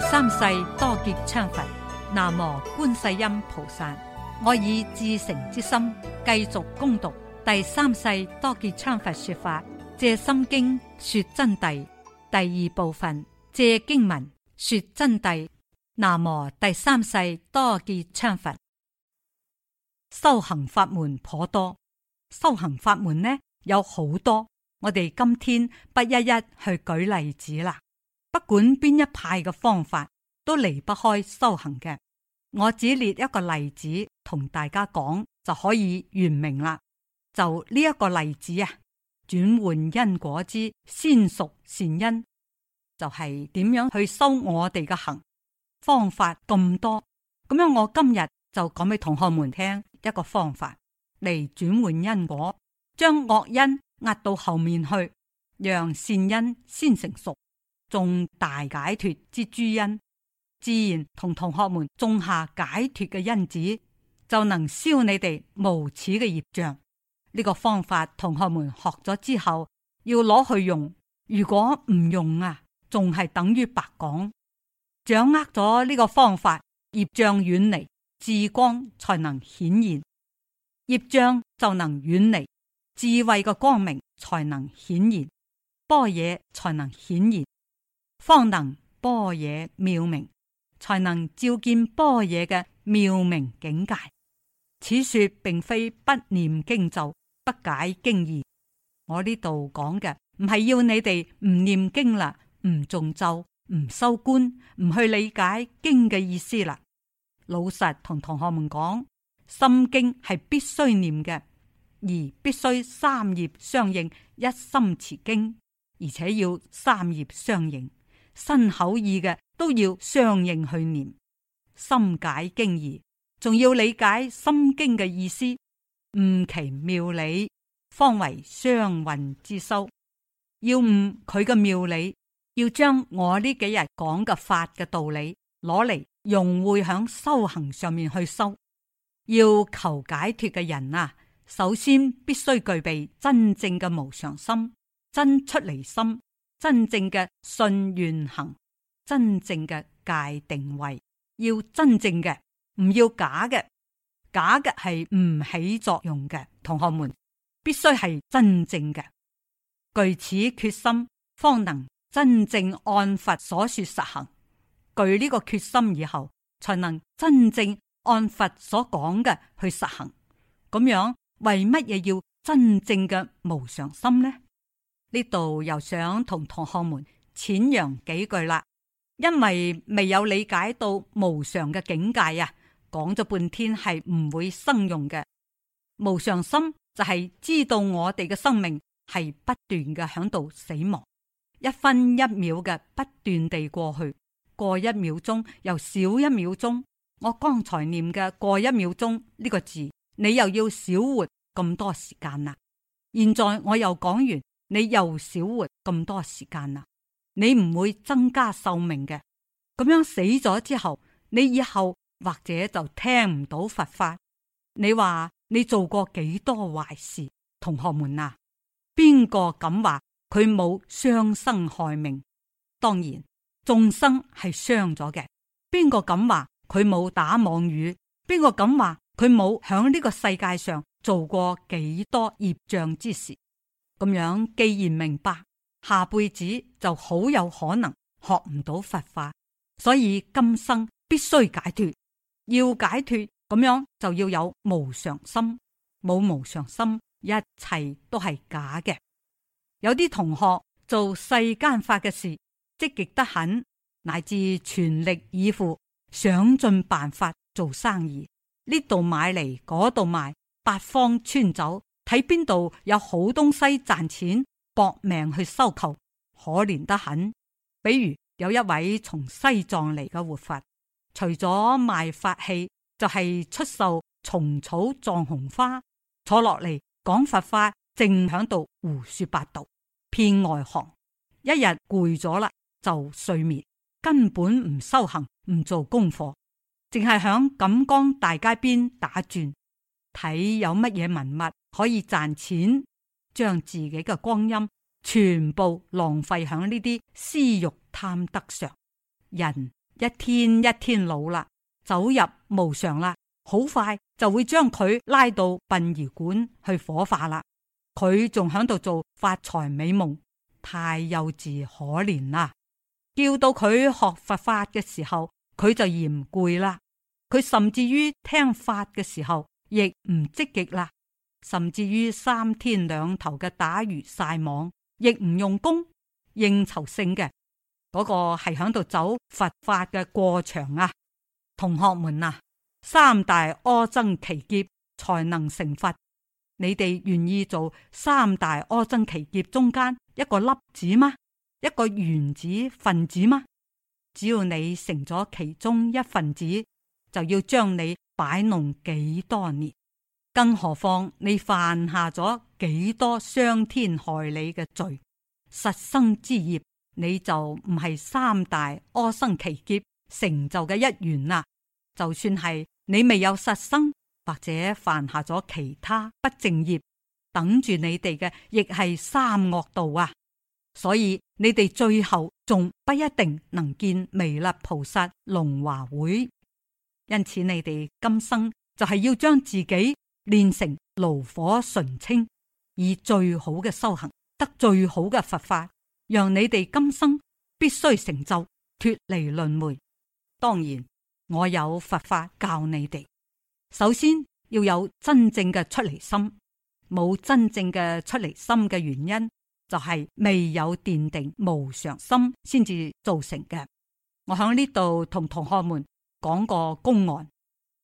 第三世多杰羌佛，南無觀世音菩薩。我以至誠之心繼續恭讀第三世多杰羌佛說法，借心經說真諦第二部分，借經文說真諦。南無第三世多杰羌佛，修行法門頗多，修行法門呢有好多，我哋今天不一一去舉例子啦。不管邊一派嘅方法，都離不開修行嘅。我只列一個例子同大家講就可以完明啦。就呢一個例子啊，轉換因果之先熟善因，就係點樣去修我哋嘅行方法咁多。咁樣我今日就講俾同學們聽一個方法嚟轉換因果，將惡因壓到後面去，讓善因先成熟。種大解脫之諸因，自然同同學們種下解脫嘅因子，就能消你哋無恥嘅業障。呢、這個方法，同學們學咗之後要攞去用。如果唔用啊，仲係等於白講。掌握咗呢個方法，業障遠離，智光才能顯現；業障就能遠離，智慧嘅光明才能顯現，般若才能顯現。方能般若妙明，才能照見般若嘅妙明境界。此說並非不念經咒、不解經義。我呢度講嘅唔係要你哋唔念經啦，唔誦咒，唔修觀，唔去理解經嘅意思啦。老實同同學們講，心經係必須念嘅，而必須三業相應，一心持經，而且要三業相應。身口意嘅都要相應去念，心解經義，仲要理解心經嘅意思，悟其妙理，方為雙運之修。要悟佢嘅妙理，要將我呢幾日講嘅法嘅道理攞嚟融匯，響修行上面去修。要求解脫嘅人啊，首先必須具備真正嘅無常心，真出離心。真正嘅信願行，真正嘅界定位，要真正嘅，唔要假嘅，假嘅係唔起作用嘅。同學們必須係真正嘅，據此決心，方能真正按佛所說實行。據呢個決心以後，才能真正按佛所講嘅去實行。咁樣為乜嘢要真正嘅無常心呢？呢度又想同同學們淺揚幾句啦，因為未有理解到無常嘅境界啊，講咗半天係唔會生用嘅。無常心就係知道我哋嘅生命係不斷嘅響度死亡，一分一秒嘅不斷地過去，過一秒鐘又少一秒鐘。我剛才念嘅過一秒鐘呢個字，你又要少活咁多時間啦。現在我又講完。你又少活咁多時間啦，你唔會增加壽命嘅。咁樣死咗之後，你以後或者就聽唔到佛法。你話你做過幾多壞事？同學們啊，邊個敢話佢冇傷生害命？當然眾生係傷咗嘅。邊個敢話佢冇打網魚？邊個敢話佢冇響呢個世界上做過幾多業障之事？咁樣既然明白，下輩子就好有可能學唔到佛法，所以今生必須解脱。要解脱咁樣就要有無常心，冇無常心，一切都係假嘅。有啲同學做世間法嘅事，積極得很，乃至全力以赴，想盡辦法做生意，呢度買嚟，嗰度賣，八方穿走。睇邊度有好東西賺錢，搏命去收購，可憐得很。比如有一位從西藏嚟嘅活佛，除咗賣法器，就係、是、出售蟲草、藏紅花，坐落嚟講佛法，正響度胡說八道，騙外行。一日攰咗啦，就睡眠，根本唔修行，唔做功課，淨係響錦江大街邊打轉。睇有乜嘢文物可以賺錢，將自己嘅光陰全部浪費喺呢啲私慾貪得上。人一天一天老啦，走入無常啦，好快就會將佢拉到殯儀館去火化啦。佢仲喺度做發財美夢，太幼稚可憐啦！叫到佢學佛法嘅時候，佢就嫌攰啦。佢甚至於聽法嘅時候。亦唔積極啦，甚至於三天兩頭嘅打魚曬網，亦唔用功應酬性嘅嗰、那個係喺度走佛法嘅過場啊！同學們啊，三大阿僧祇劫才能成佛，你哋願意做三大阿僧祇劫中間一個粒子嗎？一個原子分子嗎？只要你成咗其中一分子，就要將你。擺弄幾多年，更何況你犯下咗幾多傷天害理嘅罪，殺生之業，你就唔係三大阿僧祇劫成就嘅一員啦。就算係你未有殺生，或者犯下咗其他不正業，等住你哋嘅亦係三惡道啊。所以你哋最後仲不一定能見彌勒菩薩龍華會。因此，你哋今生就係要將自己練成爐火純青，以最好嘅修行得最好嘅佛法，讓你哋今生必須成就脫離輪回。當然，我有佛法教你哋，首先要有真正嘅出離心，冇真正嘅出離心嘅原因，就係、是、未有奠定無常心先至造成嘅。我喺呢度同同學們。講個公案，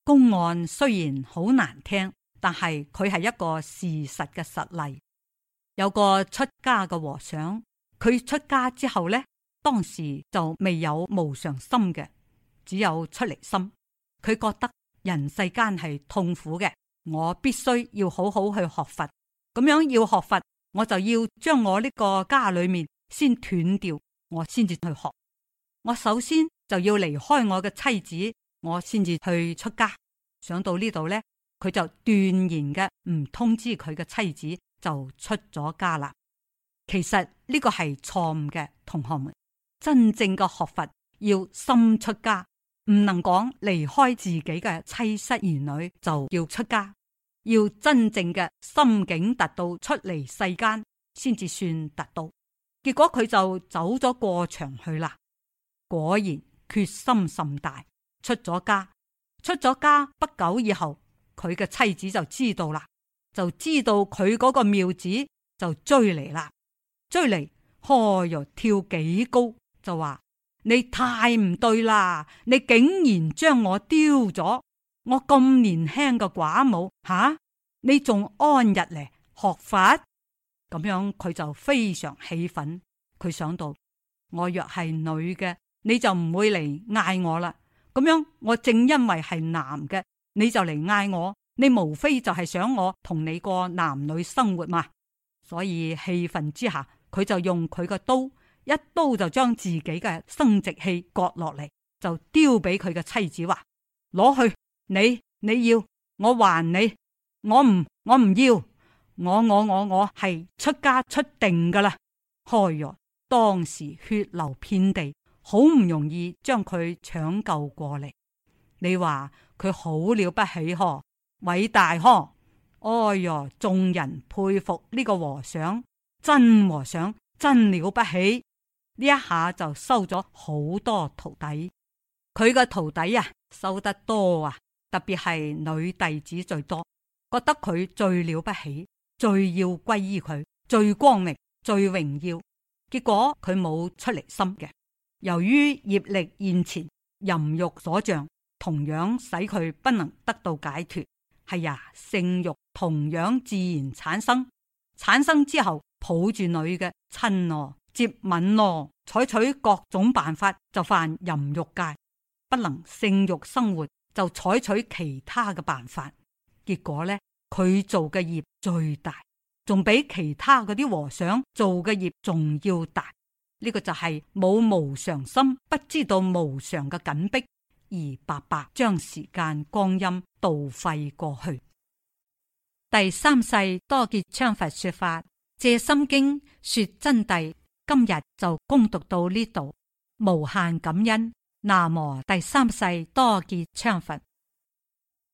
公案雖然好難聽，但係佢係一個事實嘅實例。有個出家嘅和尚，佢出家之後呢，當時就未有無常心嘅，只有出離心。佢覺得人世間係痛苦嘅，我必須要好好去學佛。咁樣要學佛，我就要將我呢個家裏面先斷掉，我先至去學。我首先。就要離開我嘅妻子，我先至去出家。想到呢度呢，佢就斷然嘅唔通知佢嘅妻子，就出咗家啦。其實呢、呢個係錯誤嘅，同學們真正嘅學佛要心出家，唔能講離開自己嘅妻室兒女就要出家，要真正嘅心境達到出離世間先至算達到。結果佢就走咗過場去啦。果然。決心甚大，出咗家，出咗家不久以後，佢嘅妻子就知道啦，就知道佢嗰個廟子就追嚟啦，追嚟，哎喲，跳幾高，就話你太唔對啦，你竟然將我丟咗，我咁年輕嘅寡母吓、啊，你仲安日嚟學法？咁樣佢就非常氣憤，佢想到我若係女嘅。你就唔會嚟嗌我啦，咁樣我正因為係男嘅，你就嚟嗌我，你無非就係想我同你過男女生活嘛。所以氣憤之下，佢就用佢嘅刀，一刀就將自己嘅生殖器割落嚟，就丟俾佢嘅妻子話，攞去，你你要我還你，我唔我唔要，我我我我係出家出定噶啦，開喲當時血流遍地。好唔容易將佢搶救過嚟，你話佢好了不起嗬，偉大呵！哎呀，眾人佩服呢個和尚，真和尚，真了不起！呢一下就收咗好多徒弟，佢個徒弟啊，收得多啊，特別係女弟子最多，覺得佢最了不起，最要歸依佢，最光明，最榮耀。結果佢冇出嚟心嘅。由於業力現前，淫欲所障，同樣使佢不能得到解脱。係呀，性欲同樣自然產生，產生之後抱住女嘅親咯、接吻咯，採取各種辦法就犯淫欲戒，不能性欲生活就採取其他嘅辦法。結果呢，佢做嘅業最大，仲比其他嗰啲和尚做嘅業仲要大。呢個就係冇無常心，不知道無常嘅緊迫而白白將時間光陰倒廢過去。第三世多杰羌佛說法《藉心經》說真諦，今日就恭讀到呢度，無限感恩。南無第三世多杰羌佛。